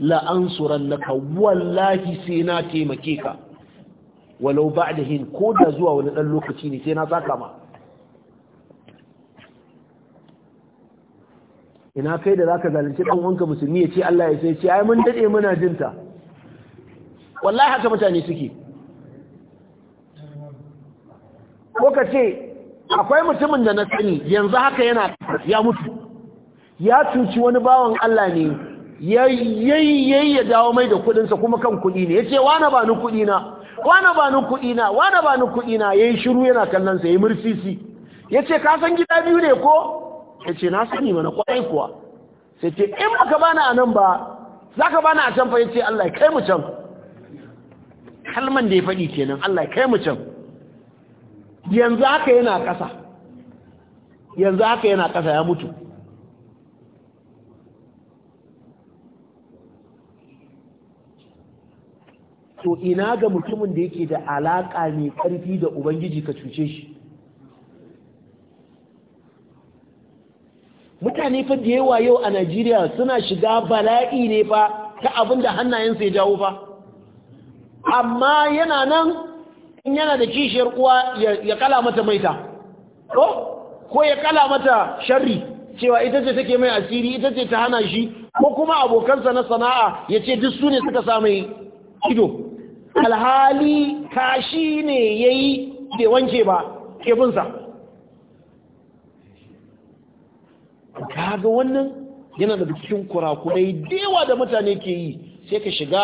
la'ansuran naka wallahi sai na taimake ka walau ba'dahin ko da zuwa wani dan lokaci ne sai na saka ma ina kai da zaka zalunci dan wanka musulmi ya ce Allah ya sai ce ai mun daɗe muna jinta wallahi haka mutane suke ko ka ce akwai mutumin da na sani yanzu haka yana ya mutu ya cuci wani bawan Allah ne yayyayi ya dawo mai da kudinsa kuma kan kudi ne ya ce wane ba ni kudi na wane ba ni kudi na wane ba ni kudi na ya yi shiru yana kallon ya yi mursisi ya ce ka san gida biyu ne ko yace na sani mana kwai kuwa sai ce in baka bani a nan ba za ka bani a can fa ya ce Allah kai mu can kalman da ya faɗi kenan Allah kai mu can yanzu haka yana ƙasa yanzu haka yana ƙasa ya mutu to ina ga mutumin da yake da alaƙa mai ƙarfi da ubangiji ka cuce shi mutane fa da yawa yau a najeriya suna shiga bala'i ne fa ta abin da hannayensa ya jawo fa amma yana nan in yana da kishiyar kuwa ya kala mata maita ko ko ya kala mata sharri cewa ita ce take mai asiri ita ce ta hana shi ko kuma abokansa na sana'a ya ce duk su ne suka sa mai ido alhali kashi ne ya yi bai wanke ba kebunsa kaga wannan yana da cikin kurakurai dewa da mutane ke yi sai ka shiga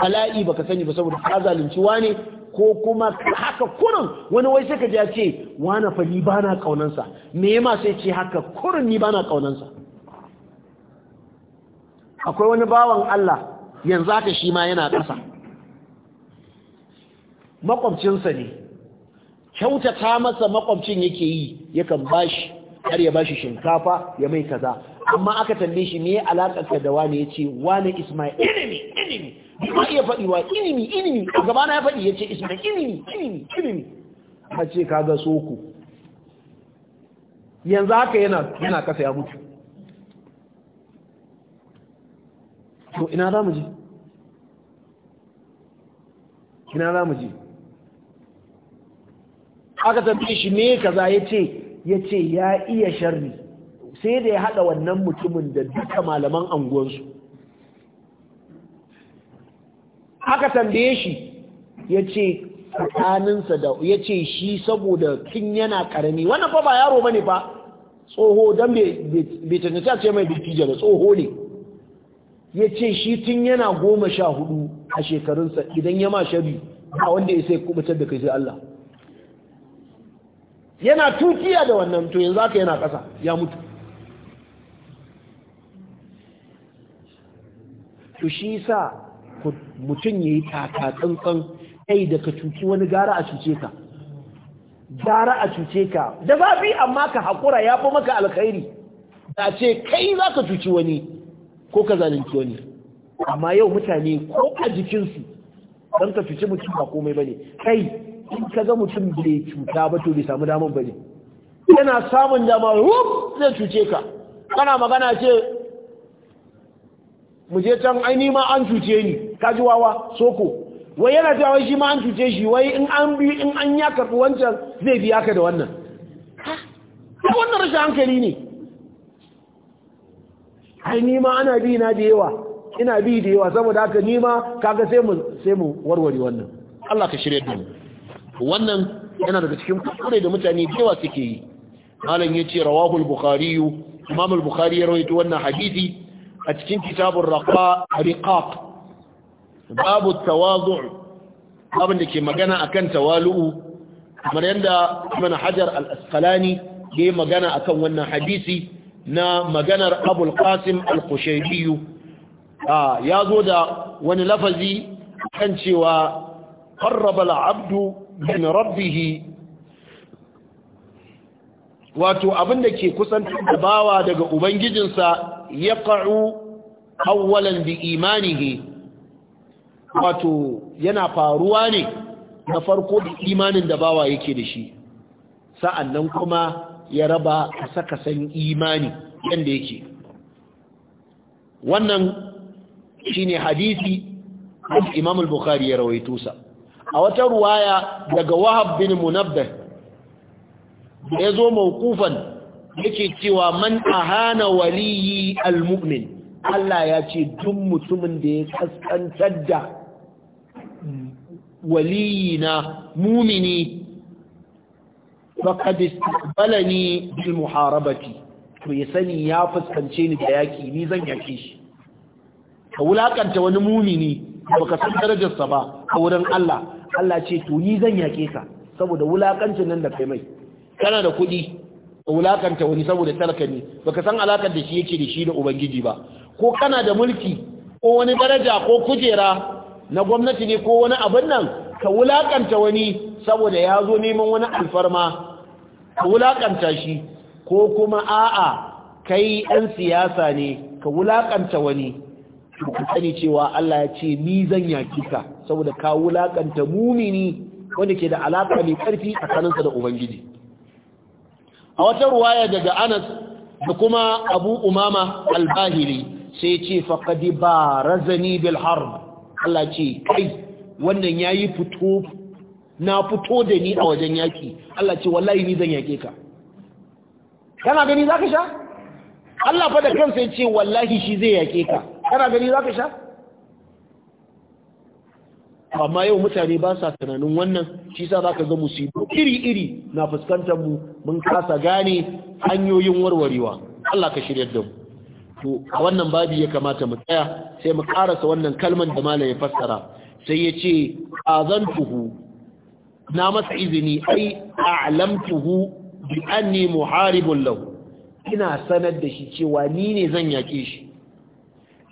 bala'i baka sani ba saboda ka zalunci wane ko kuma haka kurin wani wai sai ka ji ce wane fa ni bana kaunansa me yema sai ce haka kurin ni bana kaunansa akwai wani bawan Allah yanzu haka shi ma yana ƙasa makwabcinsa ne kyautata masa makwabcin yake yi yakan bashi har ya bashi shinkafa ya mai kaza amma aka tambaye shi me alakar ka da wani ya ce, wani Isma'il? Inimi, inimi. enemy ba iya faɗi wa inimi. enemy gaba na ya faɗi ya ce Isma'il? Inimi, inimi, inimi. ka ce ga soko yanzu haka yana yana kasa ya mutu to ina za mu je ina za mu je aka tambaye shi me kaza yace yace ya iya sharri sai da ya haɗa wannan mutumin da duka malaman anguwansu aka tambaye shi yace tsakaninsa da yace shi saboda kin yana karami wannan fa ba yaro bane fa tsoho dan bai tantance a ce mai bittija ba tsoho ne ya ce shi tun yana goma sha hudu a shekarunsa idan ya ma shabi a wanda ya sai kubutar da kai sai Allah yana tutiya da wannan to yanzu aka yana ƙasa ya mutu to shi sa mutum ya yi taka tsantsan kai da ka cuci wani gara a cuce ka gara a cuce ka da zafi amma ka haƙura ya fi maka alkhairi da ce kai za ka cuci wani ko ka zalunci wani amma yau mutane ko a jikinsu don ka cuci mutum ba komai ba ne kai in ka ga mutum bai cuta ba to bai samu damar bane yana samun dama wuf zai cuce ka kana magana ce mu je can ai ni ma an cuce ni ka ji wawa soko wai yana cewa shi ma an cuce shi wai in an bi in an ya karbi wancan zai biya ka da wannan ha wannan rashin hankali ne ai ni ma ana bi na da yawa ina bi da yawa saboda haka ni ma kaga sai mu sai mu warware wannan Allah ka shirye da mu wannan yana daga cikin kuskure da mutane yawa suke yi malam yace ce al-bukhari imam al ya rawaito wannan hadisi a cikin kitabun raqa riqaq babu tawazu' babin da ke magana akan tawalu'u kamar yanda Ibn Hajar al-Asqalani ya magana akan wannan hadisi na maganar abul al-Qasim al-Qushayri ah, ya zo da wani lafazi kan cewa قرب العبد من ربه wato abin da ke kusantar da bawa daga ubangijinsa ya ƙa'u awwalan bi imanihi wato yana faruwa ne na farko da imanin da bawa yake da shi sa'annan kuma ya raba kasa-kasan imani yadda yake wannan shine hadisi imam al-bukhari ya rawaito sa a wata ruwaya daga wahab bin munabbah ya zo mawqufan yake cewa man ahana waliyi almu'min Allah ya ce duk mutumin da ya kaskantar da waliyi na mumini faqad istaqbalani bil muharabati to ya sani ya fuskance ni da yaki ni zan yake shi ka wulakanta wani mumini baka san darajarsa ba a wurin Allah Allah ce to ni zan yake ka saboda wulakancin nan da kai mai kana da kuɗi ka wulakanta wani saboda talaka ne baka san alakar da shi yake da shi da ubangiji ba ko kana da mulki ko wani daraja ko kujera na gwamnati ne ko wani abin nan ka wulakanta wani saboda ya zo neman wani alfarma ka wulakanta shi ko kuma a'a kai ɗan siyasa ne ka wulakanta wani ka sani cewa Allah ya ce ni zan yaki ka saboda ka wulakanta mumini wanda ke da alaka mai karfi tsakaninsa da ubangiji a wata ruwaya daga Anas da kuma Abu Umama al-Bahili sai ce faqad barazani bil harb Allah ce kai wannan yayi fito na fito da ni a wajen yaki Allah ce wallahi ni zan yake ka kana gani zaka sha Allah fa da kansa ya ce wallahi shi zai yake ka kana gani za ka sha amma yau mutane ba sa tunanin wannan shi sa za ka ga musibu iri-iri na fuskantar mu mun kasa gane hanyoyin warwarewa Allah ka shirya da mu to a wannan babi ya kamata mu tsaya sai mu karasa wannan kalman da malam ya fassara sai ya ce azantuhu na masa izini ai a'lamtuhu bi anni muharibun lahu ina sanar da shi cewa ni ne zan yake shi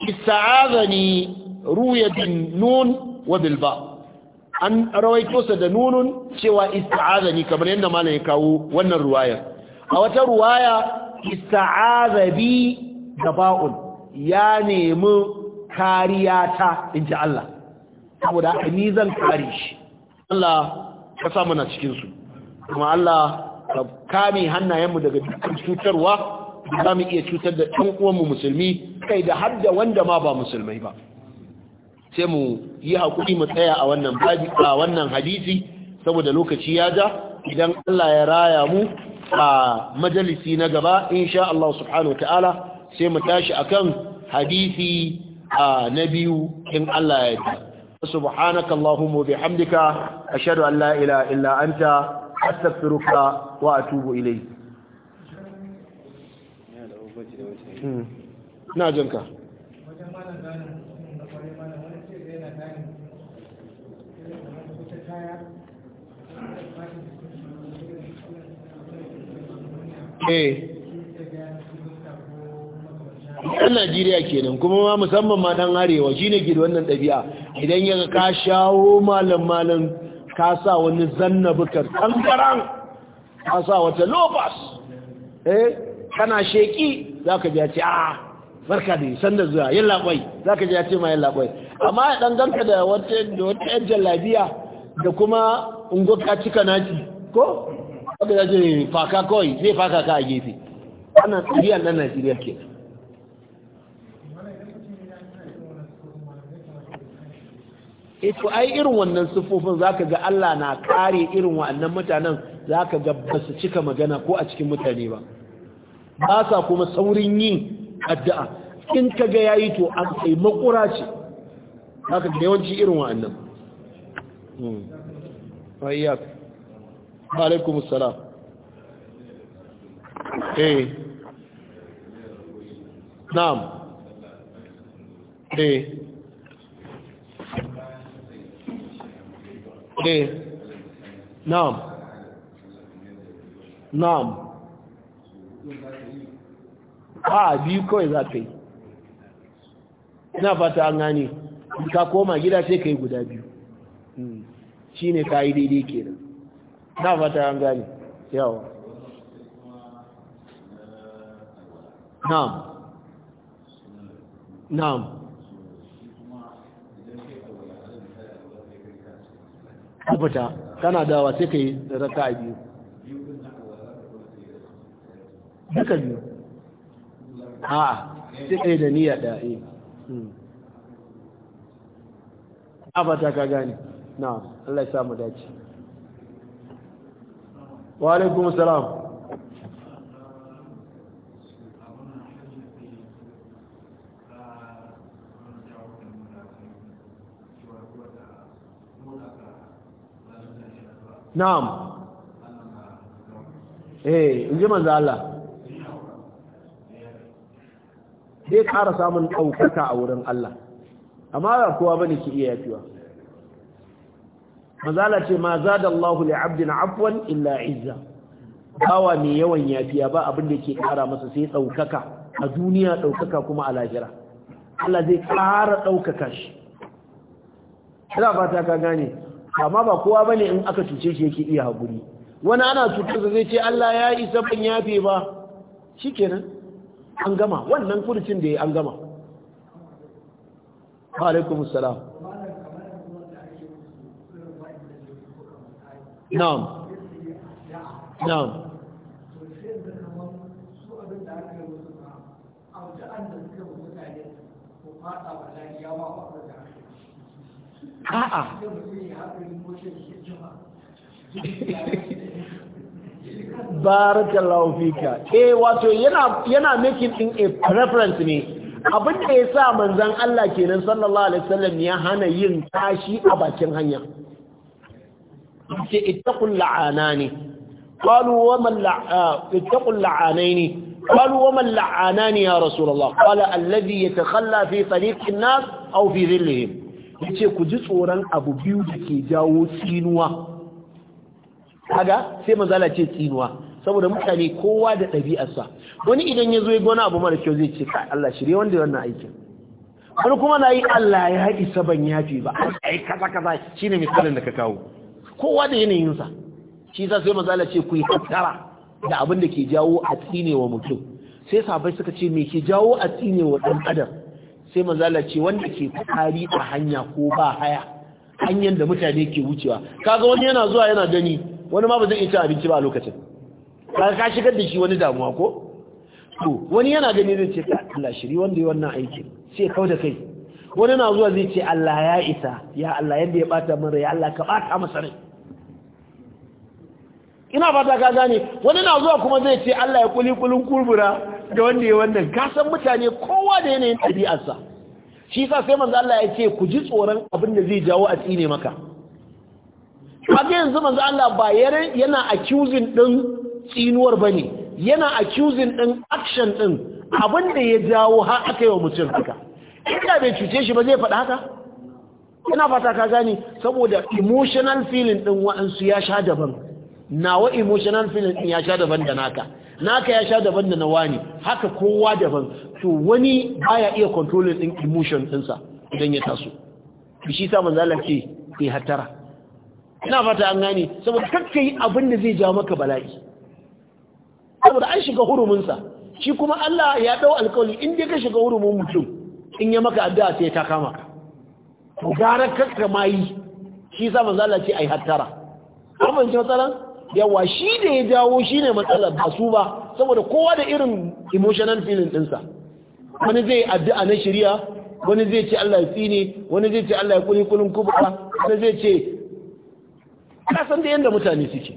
ista'azani ruya bin nun wa ba. an rawaito sa da nunun cewa ista'azani kamar yadda malam ya kawo wannan ruwayar a wata ruwaya ista'azabi da ba'un ya nemi kariyata ta. Allah saboda haka ni zan kare shi Allah ka sa mana cikin su kuma Allah ka kame hannayenmu daga dukkan cutarwa za mu iya cutar da ɗan uwanmu musulmi aka yi da har da wanda ma ba musulmai ba sai mu yi hakuri mu tsaya a wannan babi a wannan hadisi saboda lokaci ya ja idan Allah ya raya mu a majalisi na gaba insha Allah subhanahu ta'ala sai mu tashi akan hadisi na biyu in Allah ya yarda سبحانك اللهم وبحمدك أشهد أن لا إله إلا أنت أستغفرك وأتوب إليك na jin ka ɗan eh. Najeriya kenan kuma ma musamman ma ɗan arewa shine ke da wannan ɗabi'a idan yaga ka shawo malam malam ka sa wani zanna bukar ƙanƙaran ka sa wata lobas eh kana sheki zaka ce a ah, barka da san da zuwa yin labai za ka ji ya ce ma yin labai amma ya ɗan ganka da wata yan jallabiya da kuma ungoka cika naji ko wadda ya ce faka kawai zai faka ka a gefe wannan tsiriyar nan najeriya ke ito eh, ai irin wannan siffofin za ka ga allah na kare irin wa'annan mutanen za ka ga ba su cika magana ko a cikin mutane ba ba sa kuma saurin yi addu'a in ka ga yayi to an sai makura ce haka da yawanci irin wa'annan hmm. wa alaikum assalam eh na'am eh eh na'am na'am a biyu kawai za ka yi ina fata an gane ka koma gida sai ka yi guda biyu shi ne ka yi daidai kenan na fata an gane yawa na'am na'am abuta kana dawa sai ka yi raka biyu duka biyu a sai da niyya da eh hmm. abata ka gani. na Allah ya samu dace wa alaikum salam na'am eh inji manzo Allah Zai ƙara samun ɗaukaka a wurin Allah amma ba kowa bane ke iya yafiwa mazala ce ma zada Allahu li abdin afwan illa izza bawa mai yawan yafiya ba abin da ke ƙara masa sai ɗaukaka a duniya ɗaukaka kuma a lahira Allah zai ƙara ɗaukaka shi ina fata ka gane amma ba kowa bane in aka cuce shi yake iya haƙuri wani ana cutar zai ce Allah ya isa ban yafe ba shikenan an gama wannan furucin da ya an gama alaikum salam na'am na'am a'a barakallahu fika eh wato yana yana making in a preference ne abin da ya sa manzan Allah kenan sallallahu alaihi wasallam ya hana yin tashi a bakin hanya ce ittaqul la'anani qalu wa man eh, ittaqul la'anani qalu wa man la'anani ya rasulullah qala alladhi yatakhalla fi tariqin nas aw fi dhillihim yace ku ji tsoron abu biyu da ke jawo tsinuwa kaga sai maza Allah ce tsinuwa saboda mutane kowa da ɗabi'arsa wani idan ya zo ya gona abu mara kyau zai ce kai Allah shirye wanda ya wannan aikin wani kuma na yi Allah ya isa ban fi ba ai kaza kaza shine misalin da ka kawo kowa da yanayinsa shi yasa sai manzo Allah ce ku yi hattara da abin da ke jawo a tsinewa mutum sai sabai suka ce me ke jawo a tsinewa dan adam sai manzo ce wanda ke fari a hanya ko ba haya hanyar da mutane ke wucewa kaga wani yana zuwa yana gani wani ma ba zai iya cin abinci ba a lokacin kaga ka shigar da shi wani damuwa ko to wani yana gani zai ce Allah shiri wanda ya wannan aikin sai kau da kai wani na zuwa zai ce Allah ya isa ya Allah yadda ya bata min rai Allah ka bata masa rai ina fata ka gane wani na zuwa kuma zai ce Allah ya kuli kulun kurbura ga wanda ya wannan ka san mutane kowa da yanayin ɗabi'arsa shi sa sai manzo Allah ya ce ku ji tsoron abin da zai jawo a tsine maka haka yanzu manzo Allah ba yana accusing ɗin tsinuwar bane yana accusing ɗin action din abinda ya jawo har aka yi wa mutum haka ina bai cuce shi ba zai faɗa haka ina fata ka gani saboda emotional feeling ɗin wa'ansu ya sha daban nawa emotional feeling din ya sha daban da naka naka ya sha daban da nawa ne haka kowa daban to wani baya iya controlling din emotion ɗinsa idan ya taso shi sa manzo Allah ke hatara ina fata an gane saboda kakka yi abin da zai ja maka bala'i saboda an shiga huruminsa shi kuma Allah ya dau alkawali in dai ka shiga hurumin mutum in ya maka addu'a sai ta kama ka to gara kakka ma yi shi sa manzo Allah ce ai hattara amma shi matsalan yawa shi da ya jawo shi ne matsalar ba su ba saboda kowa da irin emotional feeling ɗinsa wani zai addu'a na shari'a wani zai ce Allah ya tsine wani zai ce Allah ya kuli kulun kubra wani zai ce ka san da yanda mutane suke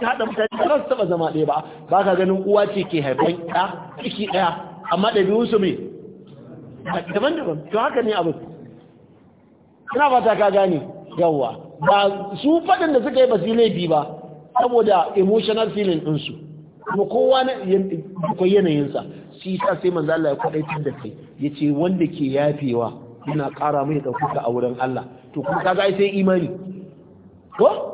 ka haɗa mutane ba su taɓa zama ɗaya ba ba ka ganin uwa ce ke haifan ɗa ciki ɗaya amma ɗabi'un su me daban-daban to haka ne abin ina fata ka gane yawwa ba su faɗin da suka yi ba su laifi ba saboda emotional feeling ɗinsu kuma kowa na akwai yanayinsa shi sa sai manzo Allah ya tun da kai ce wanda ke yafewa ina ƙara mai ɗaukaka a wurin Allah to kuma ka kaga sai imani ko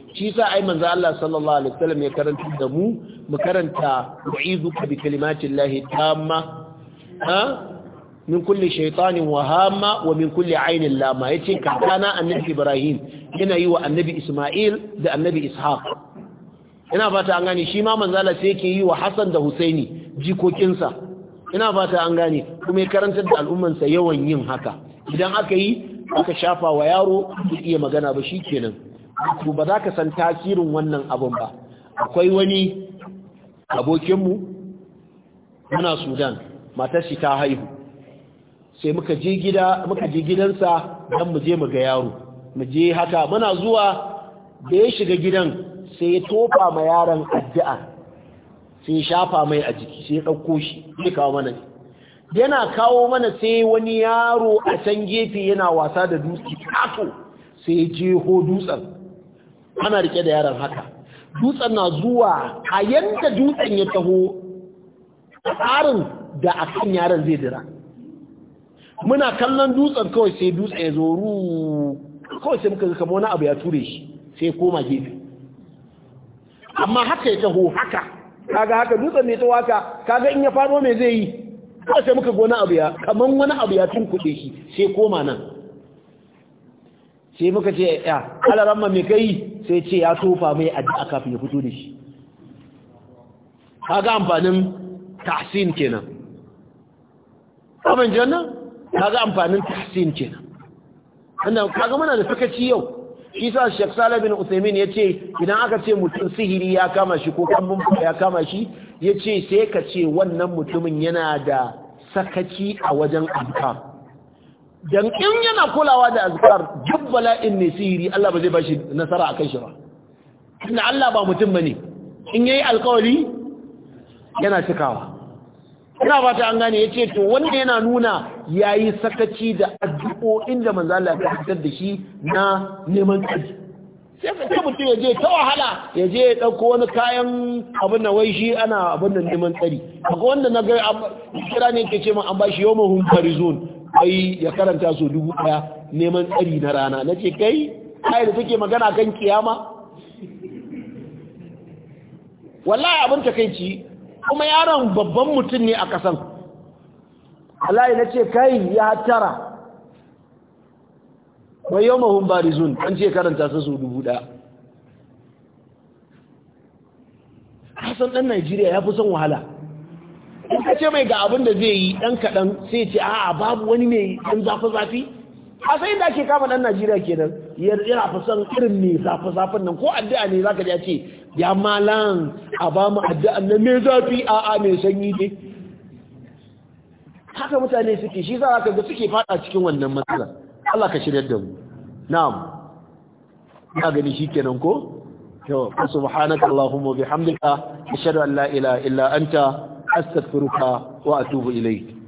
shi sa ai manzo Allah sallallahu alaihi wasallam ya karanta da mu mu karanta u'izuka bi kalimatillahi tamma ha min kulli shaytanin wa hamma wa min kulli aynin lama yace kakana annabi Ibrahim yana yi wa annabi Isma'il da annabi Ishaq ina fata an gane shi ma manzo Allah sai yake yi wa Hassan da Husaini jikokinsa ina fata an gane kuma ya karantar da al'ummansa yawan yin haka idan aka yi aka shafa wa yaro iya magana ba shikenan to ba za ka san tasirin wannan abin ba akwai wani abokinmu muna sudan matar shi ta haihu sai muka je gida muka je gidansa don mu je mu ga yaro mu je haka muna zuwa da ya shiga gidan sai ya tofa ma yaron addu'a sai ya shafa mai a jiki sai ya ɗauko shi ya kawo mana yana kawo mana sai wani yaro a can gefe yana wasa da dutse kato sai ya jeho dutsen ana rike da yaron haka dutsen na zuwa a yanda dutsen ya taho tsarin da a kan yaron zai dira muna kallon dutsen kawai sai dutsen ya zo kawai sai muka kama wani abu ya ture shi sai koma gefe amma haka ya taho haka kaga haka dutsen mai tsawo haka kaga in ya faɗo mai zai yi kawai sai muka gona abu ya kaman wani abu ya tun kuɗe shi sai koma nan sai muka ce ya ma mai kai sai ce ya tofa mai addu'a kafin ya fito da shi kaga amfanin tahsin kenan abin janna kaga amfanin tahsin kenan annan kaga muna da sakaci yau isa shek salabin usaimin ya ce idan aka ce mutum sihiri ya kama shi ko kambun ya kama shi ya ce sai ka ce wannan mutumin yana da sakaci a wajen amfani dan in yana kulawa da azkar duk bala'in ne sihiri Allah ba zai bashi nasara akan shi ba Inda Allah ba mutum bane in yayi alkawari yana cikawa ina ba an gane ya ce to wanda yana nuna yayi sakaci da addu'o'in da manzo Allah ya haddar da shi na neman kaji sai ka mutum ya je ta wahala ya je ya ɗauko wani kayan abin da wai shi ana abin da neman tsari akwai wanda na ga kira ne ke ce ma an bashi yau mahun ai ya karanta su dubu daya neman tsari na rana na ce kai kai da take magana kan kiyama wallahi abin takeici kuma yaron babban mutum ne a kasan wallahi na ce kai ya tara mai yau mahun barizun an ce karanta su su dubu daya kasan dan najeriya ya fi son wahala in ka ce mai ga abin da zai yi ɗan kaɗan sai ce a'a babu wani mai ɗan zafi-zafi a sai da ke kama ɗan najeriya kenan yana fi son irin mai zafi-zafin nan ko addu'a ne za ka ji a ce ya malan a ba mu addu'a na mai zafi a'a mai sanyi ne haka mutane suke shi za ka ga suke faɗa cikin wannan matsala Allah ka shirya da mu na'am ya gani kenan ko to subhanakallahumma bihamdika ashhadu an la ilaha illa anta أستغفرك وأتوب إليك